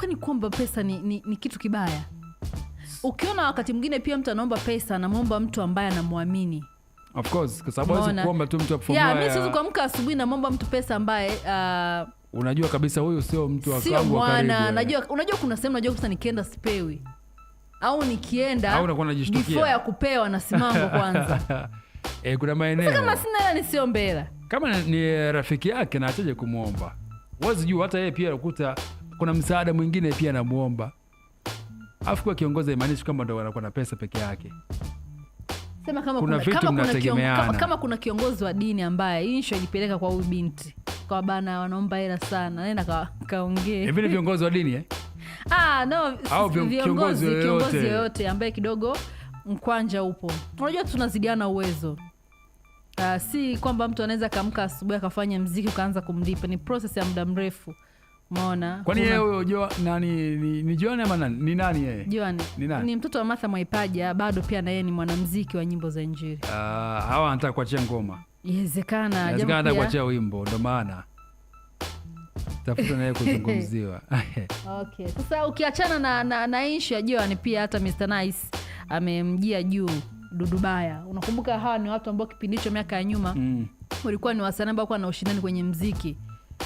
kwani kuomba pesa ni, ni, ni kitu kibaya? Ukiona wakati mwingine pia mtu anaomba pesa, anamwomba mtu ambaye anamwamini siwezi uh, kuamka asubuhi namwomba mtu pesa ambaye uh, unajua kabisa huyu sio mtu wa mwana eh. najua, unajua kuna sehemu najua kabisa nikienda sipewi au nikienda au ya kupewa na simango kwanza e, kuna maeneo kama sina hela mbela kama ni rafiki yake naachaje kumwomba, wazijuu hata yeye pia akuta kuna msaada mwingine pia namuomba. Afu kwa kiongozi haimaanishi kwamba ndo wanakuwa na pesa peke yake. Sema kama kuna, kuna, kama, kuna kion, kama, kama kuna kiongozi wa dini ambaye insho ajipeleka kwa huyu binti kwa bana, wanaomba hela sana, nenda kaongee ka eh, vile viongozi wa dini eh? Ah, no, au viongozi yoyote ambaye kidogo mkwanja upo, unajua tunazidiana uwezo Uh, si kwamba mtu anaweza akaamka asubuhi akafanya mziki ukaanza kumlipa, ni proses ya muda mrefu. Umeona? Kwani yeye huyo Joan nani ni, ni Joan ama nani? Ni nani yeye? Joan. Ni nani? Ni mtoto wa Martha Mwaipaja, bado pia na yeye ni mwanamuziki wa nyimbo za Injili. Ah, uh, hawa anataka kuachia ngoma. Iwezekana Inawezekana anataka kuachia wimbo ndo maana. Tafuta naye kuzungumziwa. Okay. Sasa ukiachana na na, na issue ya Joan pia hata Mr Nice amemjia juu Dudubaya. Unakumbuka hawa ni watu ambao kipindi hicho miaka ya nyuma mm. walikuwa ni wasanii ambao walikuwa na ushindani kwenye mziki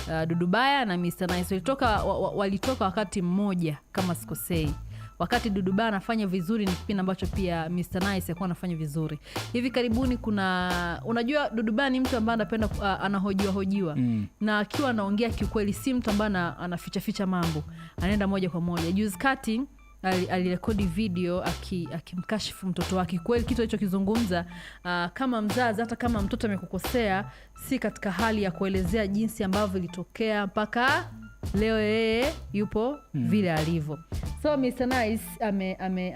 uh, Dudubaya na Mr Nice walitoka, walitoka wakati mmoja kama sikosei wakati Dudubaya anafanya vizuri ni kipindi ambacho pia Mr Nice akuwa anafanya vizuri. Hivi karibuni kuna unajua, Dudubaya ni mtu ambaye anapenda uh, anahojiwahojiwa mm. na akiwa anaongea kiukweli, si mtu ambaye anafichaficha mambo, anaenda moja kwa moja. Juzi kati alirekodi video akimkashifu aki mtoto wake. Kweli kitu alichokizungumza uh, kama mzazi, hata kama mtoto amekukosea, si katika hali ya kuelezea jinsi ambavyo ilitokea mpaka leo yeye yupo hmm, vile alivyo. So Mr Nice amezungumza ame, ame,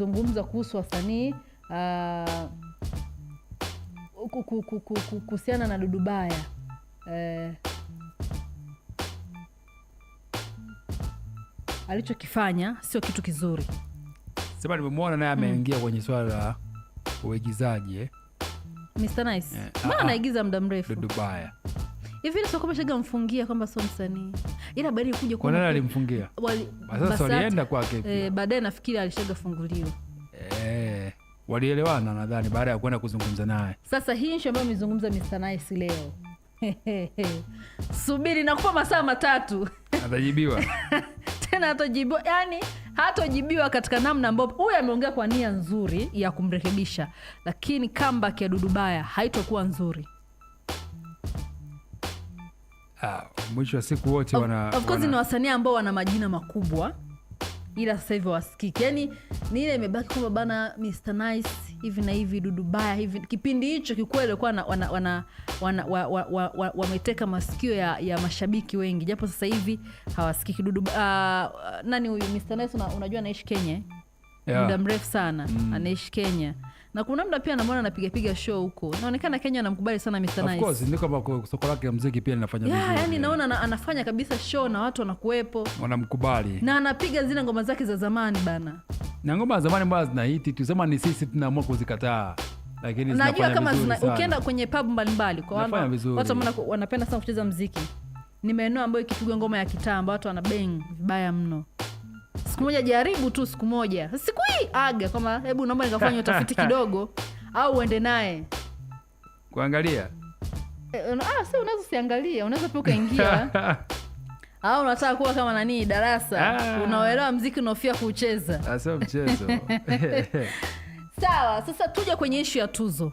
ame kuhusu wasanii uh, kuhusiana na Dudubaya eh, alichokifanya sio kitu kizuri. Sema nimemwona naye ameingia mm. kwenye swala la uigizaji eh? Mr. Nice Eh, mbona ah, ah. anaigiza muda mrefu Dubai hivi Sokomeshaga mfungia kwamba sio msanii, ila baada kuja kwa nani alimfungia? Sasa walienda kwake eh, baadaye nafikiri alishaga funguliwa. eh, walielewana nadhani, baada ya kwenda kuzungumza naye. Sasa hii nchi ambayo amezungumza Mr. Nice leo, subiri nakupa masaa matatu atajibiwa tena hatojibiwa, yani hatojibiwa katika namna ambayo huyu ameongea kwa nia nzuri ya kumrekebisha, lakini kamba ya Dudubaya haitokuwa nzuri. Ah, mwisho wa siku wote wanaofcouse ni wasanii ambao wana majina makubwa ila sasa hivi wasikiki, yani ni ile imebaki kwamba bana Mr Nice hivi na hivi dudu baya hivi kipindi hicho kikweli walikuwa wameteka masikio ya, ya mashabiki wengi japo sasa hivi hawasikiki dudu uh, nani huyu Mr. Nice una, unajua anaishi Kenya eh? yeah. muda mrefu sana mm. anaishi Kenya na kuna mda pia namona anapigapiga show huko, naonekana Kenya anamkubali sana soko lake la muziki pia linafanya naona na, anafanya kabisa show na watu wanakuwepo wanamkubali na anapiga zile ngoma zake za zamani bana na ngoma zamani mbaya zinahiti, tusema ni sisi tunaamua kuzikataa lakini kama zina, ukienda kwenye pub mbalimbali kwa watu wanapenda sana kucheza mziki, ni maeneo ambayo ikipigwa ngoma ya kitamba watu wanabeng vibaya mno. Siku moja jaribu tu, siku moja siku hii aga kwama hebu naomba nikafanya utafiti kidogo, au uende naye kuangalia. E, ah, si unaweza usiangalia, unaweza pia ukaingia au unataka kuwa kama nani darasa ah. Unaoelewa mziki unaofia kucheza, ah, sio mchezo sawa. Sasa tuja kwenye ishu ya tuzo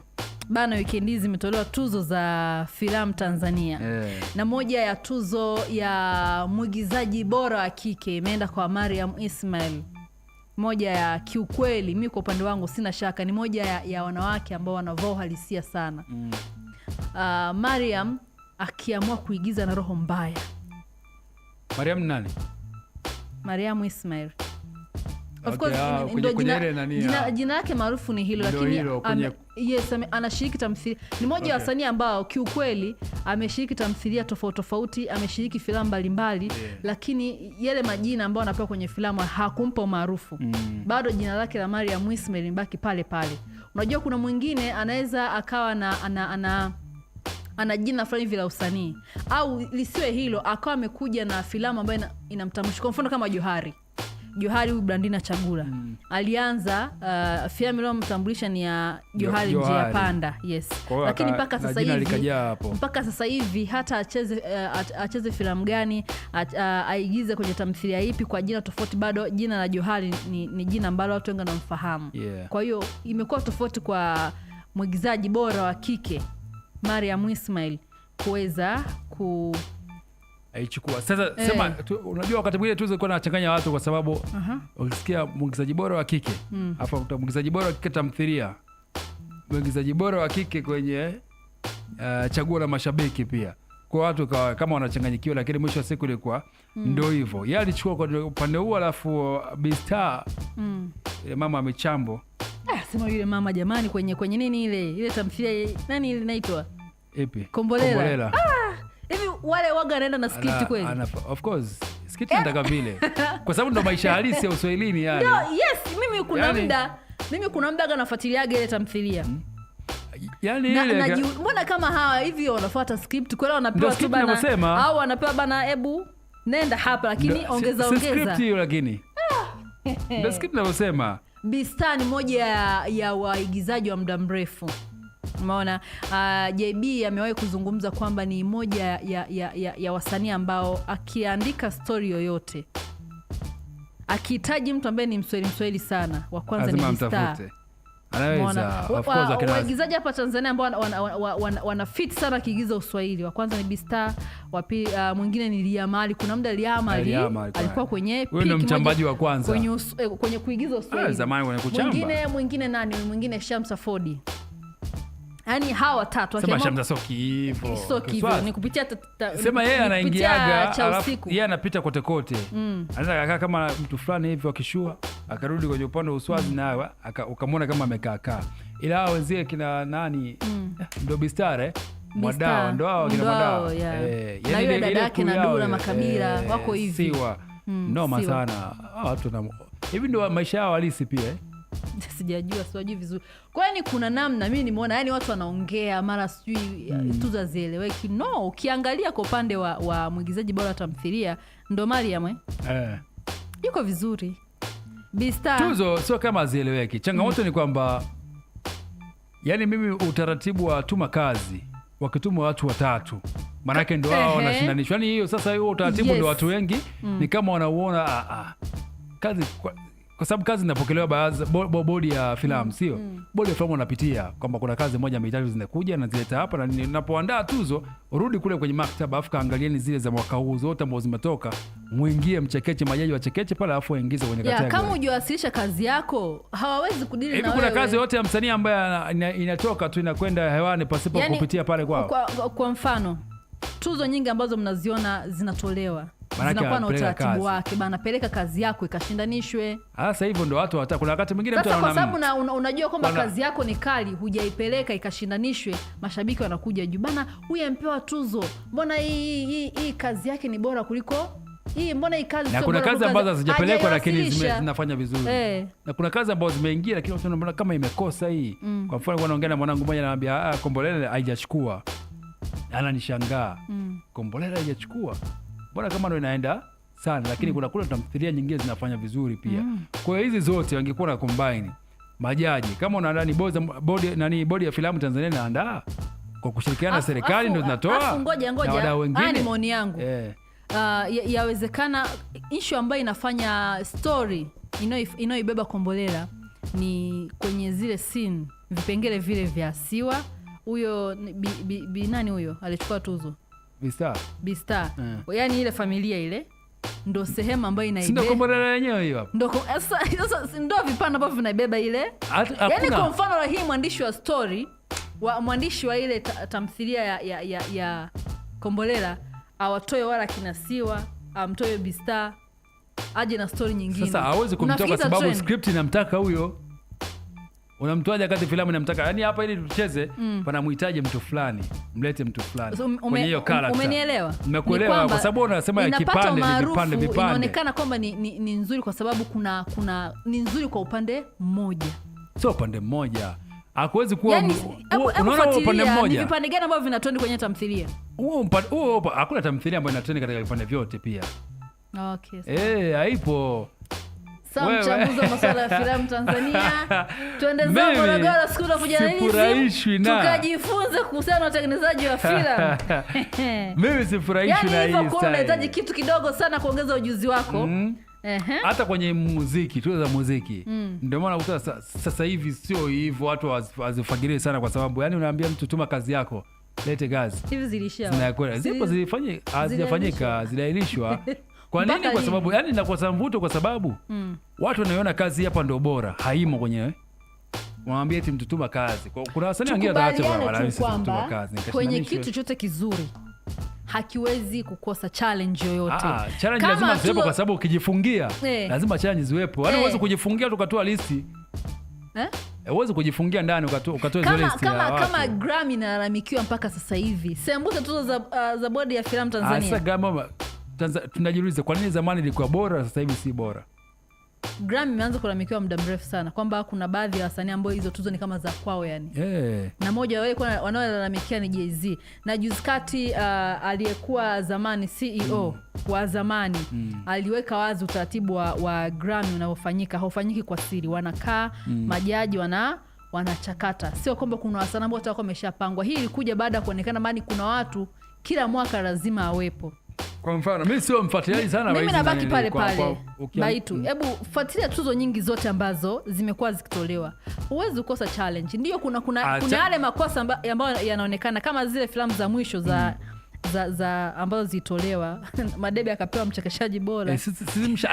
bana. Wikendi hizi zimetolewa tuzo za filamu Tanzania yeah. Na moja ya tuzo ya mwigizaji bora wa kike imeenda kwa Mariam Ismail, moja ya kiukweli, mi kwa upande wangu sina shaka, ni moja ya, ya wanawake ambao wanavaa uhalisia sana mm. Uh, Mariam akiamua kuigiza na roho mbaya Mariam nani? Mariam Ismail. Of course, ah, jina yake maarufu ni hilo lakini yes, ame, anashiriki tamthilia. Ni moja okay, wa wasanii ambao kiukweli ameshiriki tamthilia tofauti tofauti, ameshiriki filamu mbalimbali yeah, lakini yale majina ambayo anapewa kwenye filamu hakumpa umaarufu mm. Bado jina lake la Mariam Ismail mbaki pale pale. Unajua kuna mwingine anaweza akawa na, ana, ana ana jina fulani hivi la usanii, au lisiwe hilo, akawa amekuja na filamu ambayo inamtambulisha, kwa mfano kama Johari Johari huyu brandina Chagula mm. alianza uh, filamu iliyomtambulisha ni ya Johari Njia Panda, yes, lakini mpaka sasa hivi mpaka sasa hivi hata acheze, uh, acheze filamu gani uh, aigize kwenye tamthilia ipi kwa jina tofauti, bado jina la Johari ni, ni jina ambalo watu wengi wanamfahamu yeah. Kwa hiyo imekuwa tofauti kwa mwigizaji bora wa kike Mariam Ismail kuweza ku aichukua sasa hey. Eh. Sema tu, unajua wakati mwingine tuweze kuwa nachanganya watu kwa sababu uh-huh. Ukisikia mwigizaji bora wa kike mm. hapa mm. Mwigizaji bora wa kike tamthiria, mwigizaji bora wa kike kwenye uh, chaguo la mashabiki pia kwa watu kwa, kama wanachanganyikiwa, lakini mwisho wa siku ilikuwa mm. ndo hivyo yeye alichukua kwa upande huo, alafu uh, B mm. Eh, mama amechambo Ah, sema yule mama jamani, kwenye kwenye nini ile ile tamthilia nani ile inaitwa ipi? Kombolela, ah, hivi Ah, wale waga anaenda na script kweli? Of course skiti nataka vile, kwa sababu ndo maisha halisi ya Uswahilini yani. No, yes, mimi kuna yani... muda mimi kuna muda nafuatiliaga ile tamthilia hmm. Yani na, ile na, mbona kama hawa hivi wanafuata script kweli, wanapewa tu bana au wanapewa bana, hebu nenda hapa, lakini ongeza ongeza script hiyo, lakini ah. ndio script navyosema Bista ni moja ya, ya waigizaji wa muda mrefu umeona. Uh, ah, JB amewahi kuzungumza kwamba ni moja ya, ya, ya, ya wasanii ambao akiandika stori yoyote akihitaji mtu ambaye ni mswelimsweli mswahili sana, wa kwanza ni Bista waigizaji hapa Tanzania ambao wana, wana, wana, wana, fit sana wakiigiza Uswahili. Wa kwanza ni Bista, wa uh, mwingine ni Liamali. Kuna muda Liamali eh, alikuwa kwenye huyo ndio mchambaji wa kwanza kwenye, eh, kwenye kuigiza ah, Uswahili zamani, kwenye kuchamba. Mwingine mwingine nani? Mwingine Shamsa Fodi yani hawa watatu sema Shamza sio kiivo, sio kiivo, ni kupitia sema yeye anaingiaga cha yeye anapita kote kote, mm. anaweza kakaa kama mtu fulani hivi akishua akarudi kwenye upande wa uswazi mm. na ukamwona kama amekaa kaa, ila hao wenzie kina nani mm. Eh, ndo bistare Mwadawa ndo hao kina Mwadawa, eh, na yule dada yake na Dula eh, Makabila wako hivi, siwa mm, noma sana watu, na hivi ndio maisha yao halisi pia. eh sijajua siwajui vizuri kwani kuna namna mi nimeona yani watu wanaongea mara sijui mm. Eh, tuzo hazieleweki no ukiangalia kwa upande wa, wa mwigizaji bora wa ndo mariam eh. eh. yuko vizuri tuzo sio kama azieleweki changamoto mm. ni kwamba yani mimi utaratibu wa tuma kazi wakituma watu watatu maanake ndo wao wanashindanishwa yani hiyo sasa huo utaratibu yes. ndo watu wengi mm. ni kama wanauona ah, ah, kazi kwa, kwa sababu kazi zinapokelewa baadhi bodi ya filamu mm, sio mm. Bodi ya filamu wanapitia kwamba kuna kazi moja mitatu zinakuja na zileta hapa, na napoandaa tuzo rudi kule kwenye maktaba, afu kaangalieni zile za mwaka huu zote ambao zimetoka, mwingie mchekeche, majaji wachekeche pale, alafu waingize kwenye kategori. Kama hujawasilisha kazi yako hawawezi kudili hivi. Kuna kazi yote ya msanii ambayo inatoka tu inakwenda hewani pasipo yani, kupitia pale kwao. Kwa, kwa mfano tuzo nyingi ambazo mnaziona zinatolewa zinakuwa na utaratibu wake bana, peleka kazi yako ikashindanishwe. Sasa hivyo ndo watu wata Kuna wakati mwingine mtu anaona kwa sababu una, una, unajua kwamba kazi yako ni kali, hujaipeleka ikashindanishwe, mashabiki wanakuja juu bana, huyu ampewa tuzo, mbona hii hii hii kazi yake ni bora kuliko hii, mbona hii kazi. Na kuna kazi ambazo hazijapelekwa lakini zinafanya vizuri eh. Na kuna kazi ambazo zimeingia lakini unaona kama imekosa hii mm. Kwa mfano, naongea na mwanangu mmoja, anamwambia ah, Kombolele haijachukua ananishangaa mm. Kombolela ijachukua mbona kama ndo inaenda sana lakini mm. kuna kule tamthilia nyingine zinafanya vizuri pia mm. kwa hiyo hizi zote wangekuwa na kombaini majaji kama unaandaa ni bodi, bodi, nani bodi ya filamu Tanzania inaandaa kwa kushirikiana na serikali ndo zinatoa ngoja ngoja, wadau wengine. Ni maoni yangu yeah. Uh, yawezekana ya ishu ambayo inafanya story inayoibeba Kombolela ni kwenye zile scene vipengele vile vya Siwa huyo binani huyo alichukua tuzo eh. yani Yeah. ile familia ile ndo sehemu ambayo inaibe ndo vipande ambavyo vinaibeba ile yaani, kwa mfano la hii mwandishi wa story wa mwandishi wa ile tamthilia ya, ya, ya, ya Kombolela awatoe wala kinasiwa amtoe bista aje na stori nyingine. kumtoa kwa sababu script inamtaka huyo unamtoaje kati filamu inamtaka yani, hapa ili tucheze mm. panamhitaji mtu fulani, mlete mtu fulani so, um, kwenye hiyo um, Umenielewa? Nimekuelewa, kwa sababu unasema ya kipande ni vipande vipande, inaonekana kwamba ni, ni, ni nzuri kwa sababu kuna kuna ni nzuri kwa upande mmoja, sio upande mmoja hakuwezi kuwa yaani, unaona yani, upande mmoja. Ni vipande gani ambavyo vinatrend kwenye tamthilia? Huo upande huo, hakuna tamthilia ambayo inatrend katika vipande vyote pia. Okay, sawa. Eh, haipo Sa mchambuzi wa masuala ya filamu Tanzania, Morogoro siku tukajifunze kuhusiana na utengenezaji wa filamu. Mimi sifurahishwi yaani na hii Unahitaji kitu kidogo sana kuongeza ujuzi wako mm. Hata kwenye muziki za muziki mm. Ndio maana unakuta sasa hivi sio hivyo, watu wazifagirie sana, kwa sababu yani unaambia mtu tuma kazi yako, lete kazi hivi, zilishia zipo, zilifanyika, haziafanyika, Kwa nini? Kwa sababu yani na inakosa mvuto kwa sababu mm. watu wanaiona kazi hapa ndio bora, haimo kwenye eh? Mwambie eti mtutuma kazi. Kwa kuna wasanii wengine wanatuma kazi. Kwenye kitu chochote kizuri hakiwezi kukosa challenge yoyote. Ah, ah challenge kama lazima ziwepo kwa sababu ukijifungia eh, lazima challenge ziwepo. yani eh. huwezi eh, kujifungia tu ukatoa listi. Eh? eh? Huwezi kujifungia ndani ukatoa ukatoa zile listi. Kama kama Grammy inalalamikiwa mpaka sasa hivi. Sembuse tuzo za uh, za bodi ya filamu ah, Tanzania. Sasa Grammy tunajiuliza kwa nini zamani ilikuwa bora, sasa hivi si bora? Grammy imeanza kulalamikiwa muda mrefu sana kwamba kuna baadhi ya wasanii ambao hizo tuzo ni kama za kwao yani. Yeah. Na moja walikuwa wanaolalamikia ni Jay-Z na juzi kati uh, aliyekuwa zamani CEO mm. wa zamani mm. aliweka wazi utaratibu wa, wa Grammy unaofanyika haufanyiki kwa siri, wanakaa mm. majaji wana wanachakata, sio kwamba kuna wasanii ambao watakuwa wameshapangwa. Hii ilikuja baada ya kuonekana, mani kuna watu kila mwaka lazima awepo kwa mfano mimi sio mfuatiliaji sana, mimi nabaki pale pale baitu. Hebu mm. fuatilia tuzo nyingi zote ambazo zimekuwa zikitolewa, huwezi kukosa challenge. Ndio kuna kuna kuna yale makosa ambayo yanaonekana kama zile filamu za mwisho za mm. za, za ambazo zilitolewa Madebe akapewa mchekeshaji bora. Eh,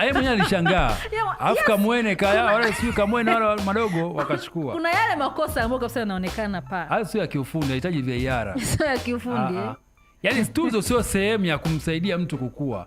yeye mwenyewe alishangaa, alafu Kamwene kaya wale Kamwene wale madogo wakachukua. Kuna yale makosa ambayo kabisa yanaonekana pa hayo sio ya kiufundi, yanahitaji VAR, sio ya kiufundi ah, ah. Eh. Yaani tuzo sio sehemu ya kumsaidia mtu kukua.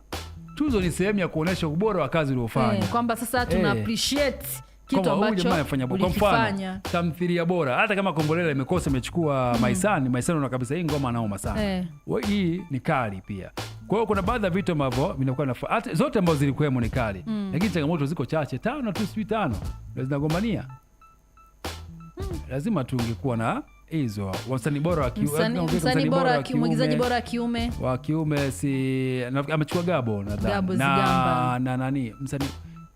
Tuzo ni sehemu ya kuonesha ubora wa kazi uliofanya. Hey, eh, kwamba sasa tuna hey, eh. appreciate kitu ambacho umefanya. Kwa mfano, tamthilia bora. Hata kama Kombolela imekosa imechukua mm, Maisani, Maisani na kabisa hii ngoma anaoma sana. Hey. Eh. Hii ni kali pia. Kwa hiyo kuna baadhi ya vitu ambavyo vinakuwa na hata zote ambazo zilikuwemo ni kali. Mm. Lakini changamoto ziko chache, tano tu, sijui tano. Zinagombania. Mm. Lazima tungekuwa na hizo wasanii bora wa eh, kiume, mwigizaji bora wa kiume wa kiume si amechukua Gabo nadhani na, na nani msanii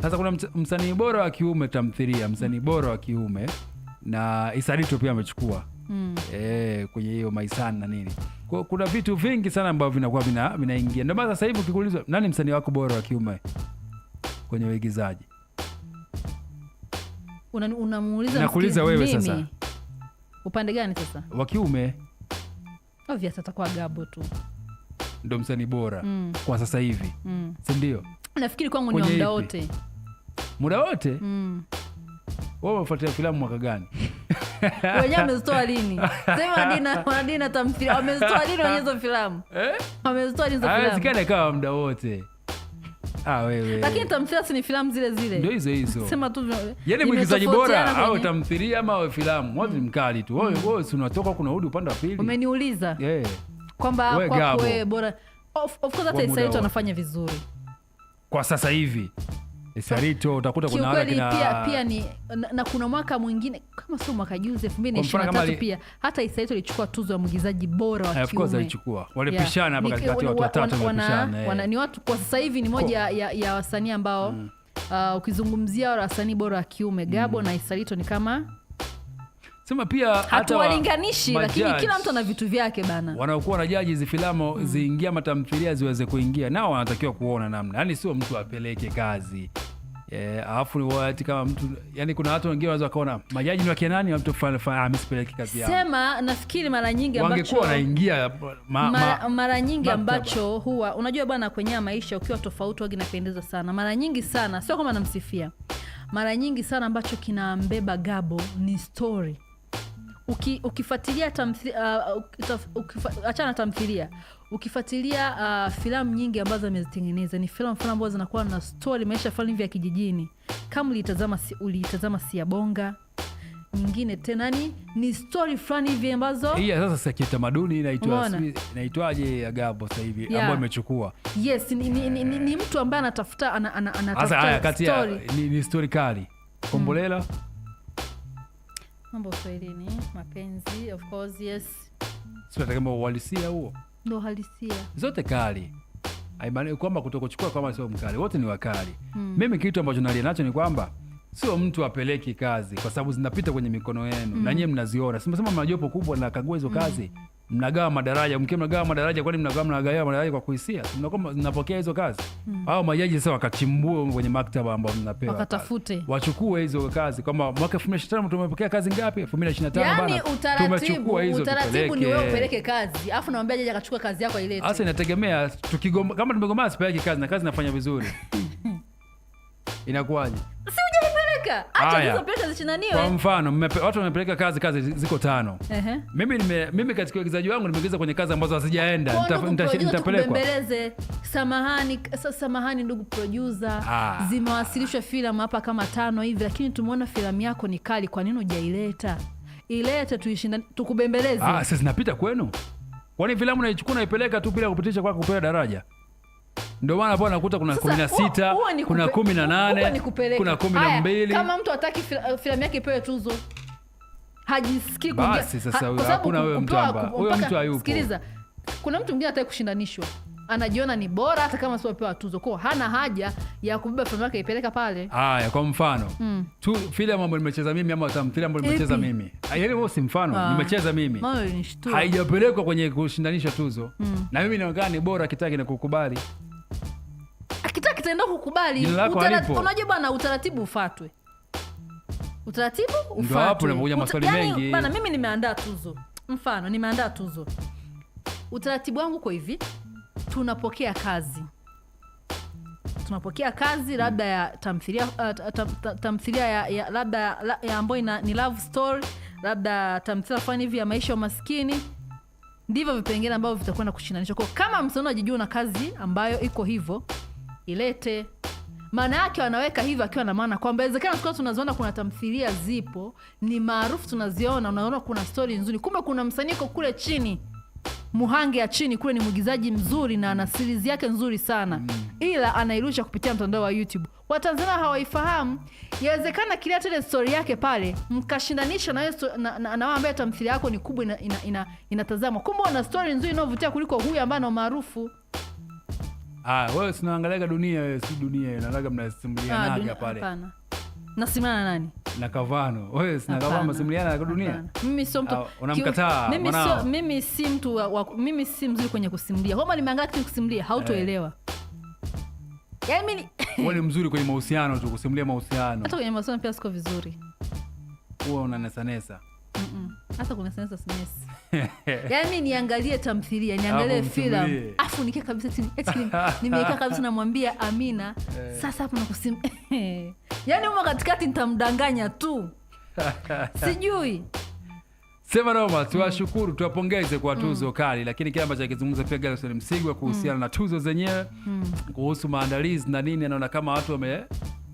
sasa. Kuna msanii bora wa kiume tamthilia, msanii bora wa kiume na Isarito pia amechukua mm. E, kwenye hiyo Maisan na nini kuna vitu vingi sana ambavyo vinakuwa vinaingia vina, ndio maana sasa hivi ukikuulizwa nani msanii wako bora wa kiume kwenye uigizaji unamuuliza, una nakuuliza wewe sasa Upande gani sasa? Wa kiume obvious oh, atakuwa Gabo tu ndo msanii bora mm. kwa sasa hivi mm. si ndio? Nafikiri kwangu ni muda wote, muda wote mm. Wewe unafuatia filamu mwaka gani? wenyewe wamezitoa lini? Sema Dina tamthilia wamezitoa lini wenyewe hizo filamu? Eh? Wamezitoa lini hizo filamu? Haiwezekani ikawa muda wote. Ah, wewe. Lakini tamthilia si ni filamu zile zile. Ndio hizo hizo. Sema tu. Yaani mwigizaji bora au tamthilia ama awe filamu, wote mkali tu. Wewe mm. wewe si unatoka kuna hudi upande wa pili. Umeniuliza. Eh. Kwamba kwa wewe bora. Of, course hata Isaito anafanya vizuri. Kwa sasa hivi Eh, Sarito utakuta kuna wale kina... pia, pia ni na, na kuna mwaka mwingine kama sio mwaka juzi pia hata Isarito ilichukua tuzo ya mwigizaji bora wa eh, kiume. alichukua. Walipishana hapa katikati watu watatu eh. Ni watu kwa sasa hivi ni moja ya, ya wasanii ambao mm. uh, ukizungumzia wasanii bora wa kiume Gabo mm. na Isarito ni kama sema pia hatuwalinganishi, lakini kila mtu ana vitu vyake bana. Wanaokuwa na jaji hizi filamu mm. ziingia matamthilia ziweze kuingia, nao wanatakiwa kuona namna, yaani sio mtu apeleke kazi Eh, alafu e, wati kama mtu yani, kuna watu wengine wanaweza kuona majaji ni wake nani, mtu fulani fulani amesipeleka ah, kazi yao. Sema nafikiri mara nyingi ambacho wangekuwa wanaingia ma, ma, mara nyingi ambacho huwa unajua bwana, kwenye maisha ukiwa tofauti wagi napendeza sana mara nyingi sana, sio kama namsifia, mara nyingi sana ambacho kinambeba Gabo ni story uki, ukifuatilia tamthi, uh, utaf, tamthilia ukifuatilia uh, filamu nyingi ambazo amezitengeneza ni filamu fulani ambazo zinakuwa na stori maisha fulani hivi ya kijijini. Kama ulitazama si, ulitazama Siabonga nyingine tena ni ni stori fulani hivi ambazo hii yeah, sasa kitamaduni inaitwaje Agabo sasa hivi yeah, ambayo imechukua yes ni, ni, ni, ni, ni eh. mtu ambaye anatafuta anatafuta ana, ana, ana, story ni, ni stori kali Kombolela mm mambo uswahilini mapenzi of course yes kama uhalisia huo ndo halisia zote kali Aimani kwamba kutokuchukua kama sio mkali, wote ni wakali mm. Mimi kitu ambacho nalia nacho ni kwamba sio mtu apeleki kazi, kwa sababu zinapita kwenye mikono yenu mm. na nyie mnaziona, simesema mnajopo kubwa na kagua hizo mm. kazi mnagawa madaraja, mkiwa mnagawa madaraja, kwani mnagawa mnagawa madaraja kwa kuhisia? Mnakuwa mnapokea hizo kazi mm. au majaji sasa wakachimbue kwenye maktaba ambayo mnapewa, wakatafute wachukue hizo kazi, kwamba mwaka 2025 tumepokea kazi ngapi? 2025 yani, bana tumechukua hizo, utaratibu ni wewe upeleke kazi, afu naambia jaji akachukua kazi yako ilete. Sasa inategemea tukigoma, kama tumegoma, sipeleke kazi na kazi nafanya vizuri inakuwaje? si Andika, acha hizo pesa zichinaniwe. Kwa mfano mmepe, watu wamepeleka kazi, kazi ziko tano. Uh Mimi nime, mimi katika uwekezaji wangu nimewekeza kwenye kazi ambazo hazijaenda, nitapelekwa. Samahani, samahani ndugu producer, ah, zimewasilishwa filamu hapa kama tano hivi, lakini tumeona filamu yako ni kali, kwa nini hujaileta? Ilete tuishinda, tukubembeleze. Ah, sasa zinapita kwenu. Kwani filamu naichukua naipeleka tu bila kupitisha kwako kupewa daraja? Ndio maana hapo anakuta kuna 16, kuna 18, kuna 12. Kama mtu hataki filamu yake ipewe tuzo, hajisikii kuingia. Basi sasa hakuna wewe mtamba. Huyo mtu hayupo. Sikiliza. Kuna mtu mwingine hataki kushindanishwa. Anajiona ni bora hata kama sio pewa tuzo. Kwa hana haja ya kubeba filamu yake ipeleka pale. Haya, kwa mfano. Mm. Tu filamu ambayo nimecheza mimi ama tamthilia ambayo nimecheza mimi. Ah, yaani wewe si mfano, ah. nimecheza mimi. Haijapelekwa kwenye kushindanisha tuzo. Mm. Na mimi naonekana ni bora kitaki na kukubali ataenda kukubali. Unajua bwana, utaratibu ufatwe, utaratibu ufatwe. Uta, yani, bana, mimi nimeandaa tuzo, mfano nimeandaa tuzo. Utaratibu wangu kwa hivi, tunapokea kazi tunapokea kazi labda ya tamthilia uh, tam, tamthilia ya, ya labda ya, ya ambayo ni love story, labda tamthilia fulani hivi ya maisha ya maskini. Ndivyo vipengele ambavyo vitakwenda kushindanishwa kwao. Kama msanii unajijua na kazi ambayo iko hivyo ilete maana yake wanaweka hivyo, akiwa na maana kwamba inawezekana sikuwa tunaziona, kuna tamthilia zipo ni maarufu, tunaziona, unaona kuna stori nzuri, kumbe kuna msanyiko kule chini, Muhange ya chini kule ni mwigizaji mzuri na ana series yake nzuri sana mm, ila anairusha kupitia mtandao wa YouTube. Watanzania hawaifahamu. Yawezekana kilia tele stori yake pale, mkashindanisha na wewe na, na, na ambaye tamthilia yako ni kubwa inatazamwa ina, ina, ina, kumbe una stori nzuri inayovutia kuliko huyu ambaye ana umaarufu. Ah, wewe sinaangaliaga dunia wewe, si dunia nalaga mnasimulianaga ah, pale. Nasimana nani? Na Kavano. Wewe sina Kavano mnasimuliana na dunia? Mimi sio mtu. Ah, unamkataa. Mimi sio mimi si mtu wa, mimi si mzuri kwenye kusimulia. homa nimeangalia kitu kusimulia, hautoelewa. Eh. Yaani mimi wewe mzuri kwenye mahusiano tu, kusimulia mahusiano. Hata kwenye mahusiano pia siko vizuri. Huwa unanesanesa. Mhm hata kuna sensa sinesi yani niangalie tamthilia niangalie filam afu nikia kabisa chini eh, nimeikaa kabisa namwambia amina eh. sasa hapo nakusim yani umo katikati ntamdanganya tu sijui sema noma tuwashukuru mm. tuwapongeze kwa tuzo mm. kali lakini kile ambacho akizungumza pia Gerson msigwa kuhusiana mm. na tuzo zenyewe mm. kuhusu maandalizi na nini anaona kama watu wame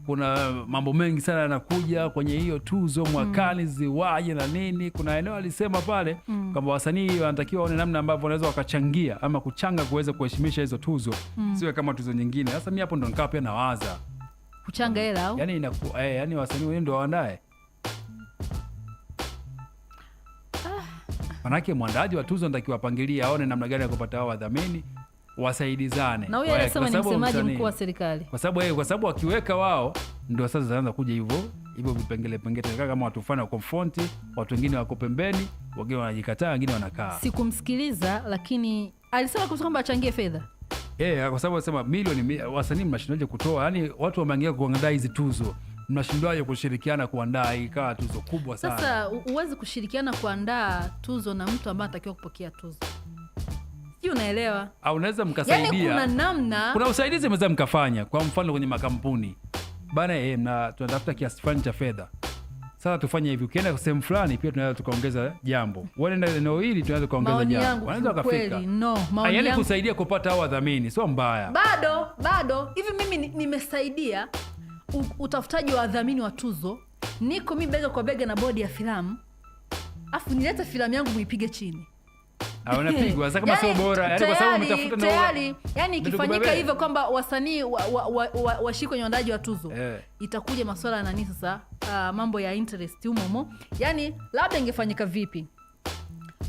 kuna mambo mengi sana yanakuja kwenye hiyo tuzo mwakani, mm. ziwaje na nini. Kuna eneo alisema pale mm. kwamba wasanii wanatakiwa waone namna ambavyo wanaweza wakachangia ama kuchanga kuweza kuheshimisha hizo tuzo mm. siwe kama tuzo nyingine. Sasa mi hapo ndo nikaa pia nawaza kuchanga hela au yani, inaku, eh, yani wasanii wenyewe ndo waandae ah. manake mwandaji wa tuzo anatakiwa apangilia aone namna gani ya kupata hao wadhamini wasaidizane na huyu anasema ni msemaji mkuu wa serikali, kwa sababu kwa sababu wakiweka wao ndio sasa zaanza kuja hivyo hivyo vipengele pengele taka kama watu fulani wako fronti, watu wengine wako pembeni, wengine wanajikataa, wengine wanakaa. Sikumsikiliza, lakini alisema kwamba achangie fedha yeah, kwa sababu anasema milioni, wasanii mnashindaje kutoa? Yani watu wameangia kuandaa hizi tuzo mnashindwaje kushirikiana kuandaa ikawa tuzo kubwa sana? Sasa huwezi kushirikiana kuandaa tuzo na mtu ambaye anatakiwa kupokea tuzo Sijui unaelewa? Au ah, unaweza yaani mkasaidia. Yaani kuna namna. Kuna usaidizi mweza mkafanya kwa mfano kwenye makampuni. Bana eh, na tunatafuta kiasi fulani cha fedha. Sasa tufanye hivi, ukienda sehemu fulani pia tunaweza tukaongeza jambo. Wewe nenda eneo hili tunaweza tukaongeza jambo. Wanaweza wakafika. No, maoni ah, yaani yangu. Yaani kusaidia kupata hao wadhamini sio mbaya. Bado, bado. Hivi mimi nimesaidia utafutaji wa wadhamini wa tuzo. Niko mimi bega kwa bega na bodi ya filamu. Afu nilete filamu yangu muipige chini. Ah, unapigwa sasa kama sio yaani, bora, yani kwa sababu mtafuta na tayari, yani ikifanyika hivyo kwamba wasanii washikwe nyondaji wa tuzo, eh. itakuja masuala ya nani sasa, ah, mambo ya interest humomo, yani labda ingefanyika vipi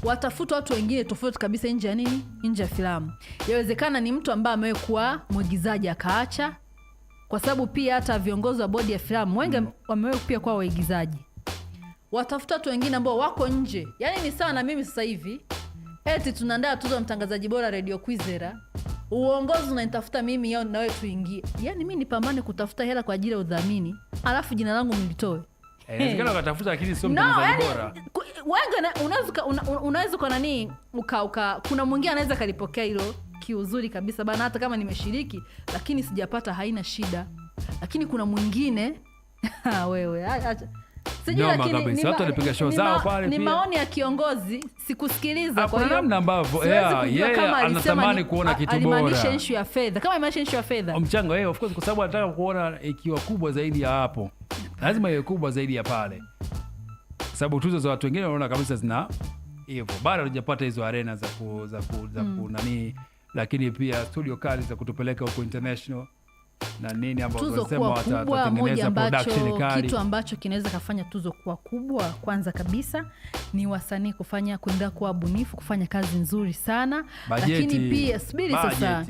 watafuta watu wengine tofauti kabisa nje ya nini, nje ya filamu. Yawezekana ni mtu ambaye amewahi kuwa mwigizaji akaacha, kwa sababu pia hata viongozi wa bodi ya filamu wengi no. Mm. wamewahi pia kuwa waigizaji. Watafuta watu wengine ambao wako nje, yani ni sawa na mimi sasa hivi eti tunaandaa tuzo ya mtangazaji bora redio Kwizera, uongozi unanitafuta mimi yao, nawe tuingie. Yani mi nipambane kutafuta hela kwa ajili ya udhamini, alafu jina langu mlitoe? Eh, inawezekana hmm. ukatafuta, lakini sio mtangazaji yaani bora unaweza kwa nani uka, uka, kuna mwingine anaweza kalipokea hilo kiuzuri kabisa bana, hata kama nimeshiriki lakini sijapata, haina shida, lakini kuna mwingine wewe acha nyama kabisa, zao pale. Ni maoni ya kiongozi, sikusikiliza. Kwa namna ambavyo anatamani kuona kitu bora, oh, eh, of course, kwa sababu anataka kuona ikiwa kubwa zaidi ya hapo, lazima iwe kubwa zaidi ya pale, sababu tuzo za watu wengine wanaona kabisa zina hivyo, bado hatujapata hizo arena za ku za ku za ku mm. nani, lakini pia studio kali za kutupeleka huko international na nini tuzo kuwa kubwa. Moja ambacho kitu ambacho kinaweza kafanya tuzo kuwa kubwa, kwanza kabisa ni wasanii kufanya kuendelea kuwa bunifu kufanya kazi nzuri sana bajeti, lakini pia subiri sasa,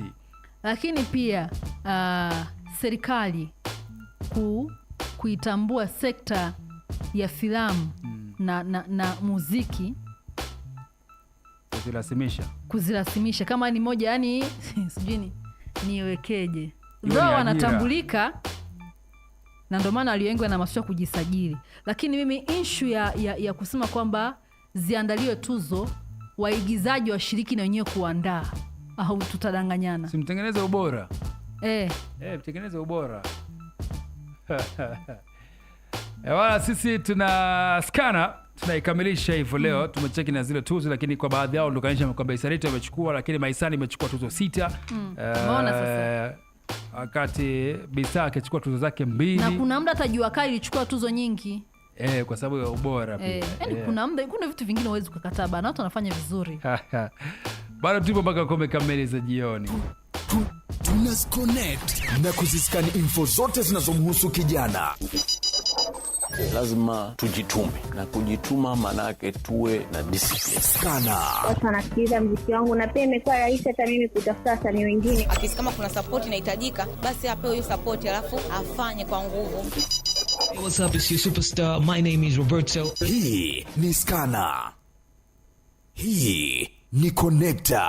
lakini pia uh, serikali ku, kuitambua sekta ya filamu hmm, na, na, na muziki kuzirasimisha, kuzirasimisha kama ni moja yani sijui niwekeje though anatambulika na ndio maana walio wengi wana masuala kujisajili, lakini mimi inshu ya, ya, ya kusema kwamba ziandaliwe tuzo, waigizaji washiriki na wenyewe kuandaa, au tutadanganyana? Simtengeneze ubora eh, eh, mtengeneze ubora eh, wala sisi tuna skana tunaikamilisha hivyo leo. Mm. Tumecheki na zile tuzo, lakini kwa baadhi yao ndo kanisha kwamba Isarito amechukua, lakini Maisani imechukua tuzo sita. Mm. Uh, wakati Bisa akichukua tuzo zake mbili, na kuna muda hata Jua Kali ilichukua tuzo nyingi eh, kwa sababu ya ubora pia eh, yani eh. Kuna muda, kuna vitu vingine huwezi kukataa bana, watu wanafanya vizuri bado. Tupo mpaka kombe kamili za jioni tunaziconnect na kuziskani info zote zinazomhusu kijana lazima tujitume na kujituma, maanake tuwe na discipline sana. Watu wanasikiliza mziki wangu na pia imekuwa rahisi hata mimi kutafuta wasanii wengine. Akisi kama kuna sapoti inahitajika, basi apewe hiyo sapoti, alafu afanye kwa nguvu. Hey, what's up? It's your superstar. My name is Roberto. Hii ni Skana. Hii ni Connecta.